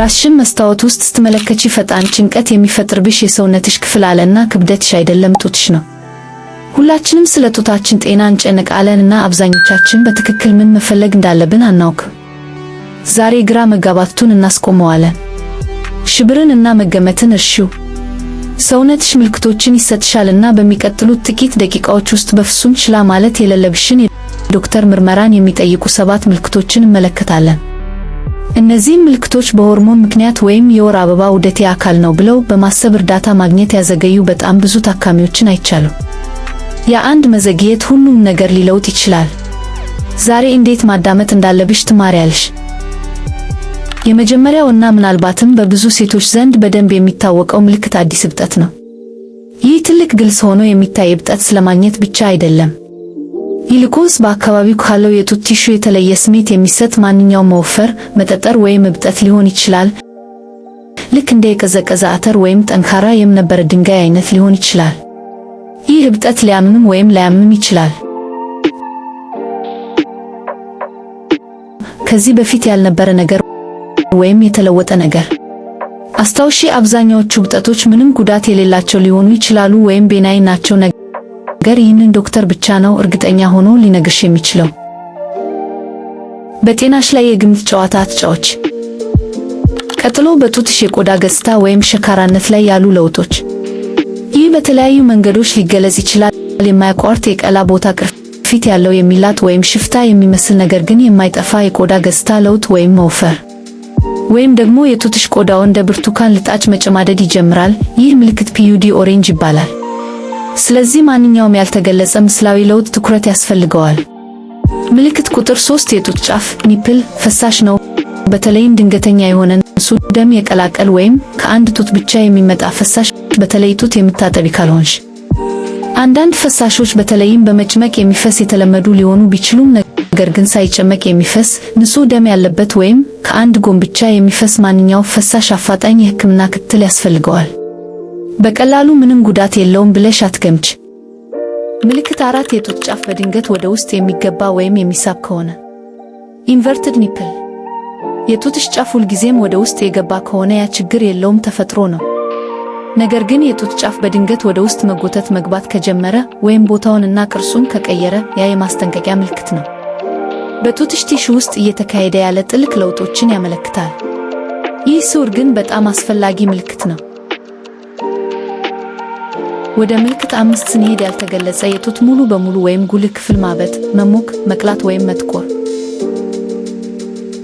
ራስሽን መስታወት ውስጥ ስትመለከቺ ፈጣን ጭንቀት የሚፈጥርብሽ የሰውነትሽ ክፍል አለና ክብደትሽ አይደለም ጡትሽ ነው። ሁላችንም ስለ ጡታችን ጤና እንጨነቃለን እና አብዛኞቻችን በትክክል ምን መፈለግ እንዳለብን አናውቅ። ዛሬ ግራ መጋባቱን እናስቆመዋለን። ሽብርን እና መገመትን እርሺው። ሰውነትሽ ምልክቶችን ይሰጥሻልና በሚቀጥሉት ጥቂት ደቂቃዎች ውስጥ በፍሱም ችላ ማለት የሌለብሽን ዶክተር ምርመራን የሚጠይቁ ሰባት ምልክቶችን እንመለከታለን። እነዚህ ምልክቶች በሆርሞን ምክንያት ወይም የወር አበባ ዑደቴ አካል ነው ብለው በማሰብ እርዳታ ማግኘት ያዘገዩ በጣም ብዙ ታካሚዎችን አይቻለሁ። የአንድ መዘግየት ሁሉም ነገር ሊለውጥ ይችላል። ዛሬ እንዴት ማዳመጥ እንዳለብሽ ትማሪያለሽ። የመጀመሪያው እና ምናልባትም በብዙ ሴቶች ዘንድ በደንብ የሚታወቀው ምልክት አዲስ እብጠት ነው። ይህ ትልቅ ግልጽ ሆኖ የሚታይ እብጠት ስለማግኘት ብቻ አይደለም ይልቁንስ በአካባቢው ካለው የጡት ቲሹ የተለየ ስሜት የሚሰጥ ማንኛውም መወፈር፣ መጠጠር ወይም እብጠት ሊሆን ይችላል። ልክ እንደ የቀዘቀዘ አተር ወይም ጠንካራ የምነበረ ድንጋይ አይነት ሊሆን ይችላል። ይህ እብጠት ሊያምንም ወይም ላያምንም ይችላል። ከዚህ በፊት ያልነበረ ነገር ወይም የተለወጠ ነገር። አስታውሺ፣ አብዛኛዎቹ እብጠቶች ምንም ጉዳት የሌላቸው ሊሆኑ ይችላሉ ወይም ቤናኝ ናቸው። ነገር ይህንን ዶክተር ብቻ ነው እርግጠኛ ሆኖ ሊነግርሽ የሚችለው። በጤናሽ ላይ የግምት ጨዋታ አትጫዎች። ቀጥሎ በጡትሽ የቆዳ ገጽታ ወይም ሸካራነት ላይ ያሉ ለውጦች። ይህ በተለያዩ መንገዶች ሊገለጽ ይችላል። የማያቋርጥ የቀላ ቦታ ቅርፊት ያለው የሚላጥ ወይም ሽፍታ የሚመስል ነገር ግን የማይጠፋ የቆዳ ገጽታ ለውጥ ወይም መውፈር ወይም ደግሞ የጡትሽ ቆዳው እንደ ብርቱካን ልጣጭ መጨማደድ ይጀምራል። ይህ ምልክት ፒዩዲ ኦሬንጅ ይባላል። ስለዚህ ማንኛውም ያልተገለጸ ምስላዊ ለውጥ ትኩረት ያስፈልገዋል። ምልክት ቁጥር ሶስት የጡት ጫፍ ኒፕል ፈሳሽ ነው። በተለይም ድንገተኛ የሆነ ንሱ ደም የቀላቀል ወይም ከአንድ ጡት ብቻ የሚመጣ ፈሳሽ፣ በተለይ ጡት የምታጠቢ ካልሆንሽ። አንዳንድ ፈሳሾች በተለይም በመጭመቅ የሚፈስ የተለመዱ ሊሆኑ ቢችሉም ነገር ግን ሳይጨመቅ የሚፈስ ንጹህ ደም ያለበት ወይም ከአንድ ጎን ብቻ የሚፈስ ማንኛውም ፈሳሽ አፋጣኝ የሕክምና ክትትል ያስፈልገዋል። በቀላሉ ምንም ጉዳት የለውም ብለሽ አትገምች። ምልክት አራት የጡት ጫፍ በድንገት ወደ ውስጥ የሚገባ ወይም የሚሳብ ከሆነ ኢንቨርትድ ኒፕል። የጡትሽ ጫፍ ሁልጊዜም ወደ ውስጥ የገባ ከሆነ ያ ችግር የለውም፣ ተፈጥሮ ነው። ነገር ግን የጡት ጫፍ በድንገት ወደ ውስጥ መጎተት መግባት ከጀመረ ወይም ቦታውንና ቅርሱን ከቀየረ ያ የማስጠንቀቂያ ምልክት ነው። በጡትሽ ቲሹ ውስጥ እየተካሄደ ያለ ጥልቅ ለውጦችን ያመለክታል። ይህ ስውር ግን በጣም አስፈላጊ ምልክት ነው። ወደ ምልክት አምስት ስንሄድ ያልተገለጸ የጡት ሙሉ በሙሉ ወይም ጉልህ ክፍል ማበጥ፣ መሞቅ፣ መቅላት ወይም መጥቆር።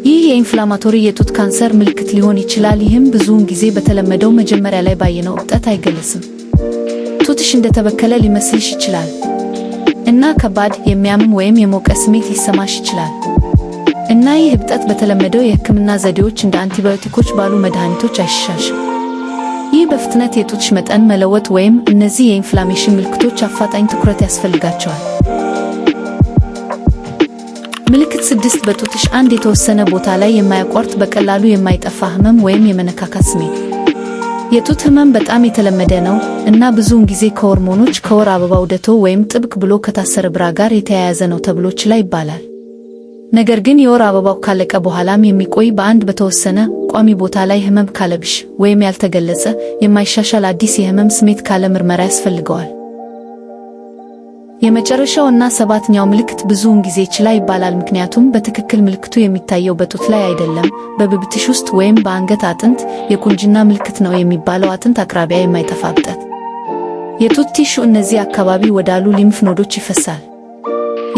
ይህ የኢንፍላማቶሪ የጡት ካንሰር ምልክት ሊሆን ይችላል። ይህም ብዙውን ጊዜ በተለመደው መጀመሪያ ላይ ባየነው እብጠት አይገለጽም። ጡትሽ እንደተበከለ ሊመስልሽ ይችላል እና ከባድ የሚያምም ወይም የሞቀ ስሜት ሊሰማሽ ይችላል እና ይህ እብጠት በተለመደው የሕክምና ዘዴዎች እንደ አንቲባዮቲኮች ባሉ መድኃኒቶች አይሻሽም። ይህ በፍጥነት የጡትሽ መጠን መለወጥ ወይም እነዚህ የኢንፍላሜሽን ምልክቶች አፋጣኝ ትኩረት ያስፈልጋቸዋል። ምልክት ስድስት በጡትሽ አንድ የተወሰነ ቦታ ላይ የማያቋርጥ በቀላሉ የማይጠፋ ህመም ወይም የመነካካት ስሜት። የጡት ህመም በጣም የተለመደ ነው እና ብዙውን ጊዜ ከሆርሞኖች፣ ከወር አበባ ውደቶ ወይም ጥብቅ ብሎ ከታሰረ ብራ ጋር የተያያዘ ነው ተብሎ ችላ ይባላል። ነገር ግን የወር አበባው ካለቀ በኋላም የሚቆይ በአንድ በተወሰነ ቋሚ ቦታ ላይ ህመም ካለብሽ ወይም ያልተገለጸ የማይሻሻል አዲስ የህመም ስሜት ካለ ምርመራ ያስፈልገዋል። የመጨረሻው እና ሰባተኛው ምልክት ብዙውን ጊዜ ችላ ይባላል፣ ምክንያቱም በትክክል ምልክቱ የሚታየው በጡት ላይ አይደለም፣ በብብትሽ ውስጥ ወይም በአንገት አጥንት። የቁንጅና ምልክት ነው የሚባለው አጥንት አቅራቢያ የማይጠፋ እብጠት፣ የጡት ቲሹ እነዚህ አካባቢ ወዳሉ ሊምፍ ኖዶች ይፈሳል።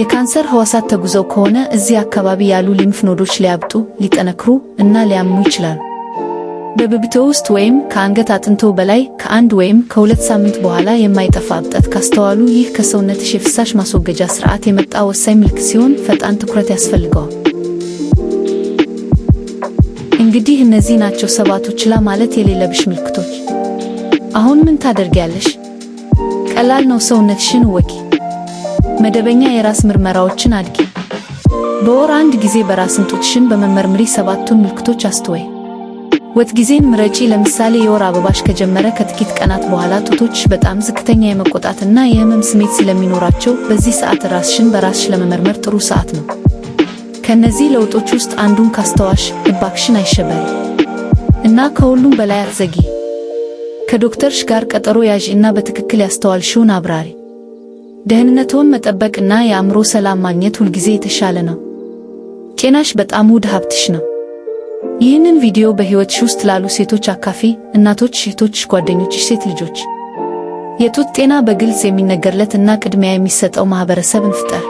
የካንሰር ህዋሳት ተጉዘው ከሆነ እዚህ አካባቢ ያሉ ሊምፍ ኖዶች ሊያብጡ፣ ሊጠነክሩ እና ሊያሙ ይችላሉ። በብብቶ ውስጥ ወይም ከአንገት አጥንቶ በላይ ከአንድ ወይም ከሁለት ሳምንት በኋላ የማይጠፋ እብጠት ካስተዋሉ ይህ ከሰውነትሽ የፍሳሽ ማስወገጃ ስርዓት የመጣ ወሳኝ ምልክት ሲሆን ፈጣን ትኩረት ያስፈልገዋል። እንግዲህ እነዚህ ናቸው ሰባቱ ችላ ማለት የሌለብሽ ምልክቶች። አሁን ምን ታደርጊያለሽ? ቀላል ነው። ሰውነትሽን ወቂ መደበኛ የራስ ምርመራዎችን አድጊ። በወር አንድ ጊዜ በራስን ጡትሽን በመመርመሪ ሰባቱን ምልክቶች አስተወይ። ወት ጊዜን ምረጪ። ለምሳሌ የወር አበባሽ ከጀመረ ከጥቂት ቀናት በኋላ ጡቶች በጣም ዝቅተኛ የመቆጣትና የህመም ስሜት ስለሚኖራቸው በዚህ ሰዓት ራስሽን በራስሽ ለመመርመር ጥሩ ሰዓት ነው። ከነዚህ ለውጦች ውስጥ አንዱን ካስተዋሽ እባክሽን አይሸበሪ እና ከሁሉም በላይ አትዘጊ። ከዶክተርሽ ጋር ቀጠሮ ያዥ እና በትክክል ያስተዋልሽውን አብራሪ። ደህንነትዎን መጠበቅና የአእምሮ ሰላም ማግኘት ሁልጊዜ የተሻለ ነው። ጤናሽ በጣም ውድ ሀብትሽ ነው። ይህንን ቪዲዮ በሕይወትሽ ውስጥ ላሉ ሴቶች አካፊ፣ እናቶች፣ እህቶች፣ ጓደኞችሽ፣ ሴት ልጆች። የጡት ጤና በግልጽ የሚነገርለት እና ቅድሚያ የሚሰጠው ማህበረሰብ እንፍጠር።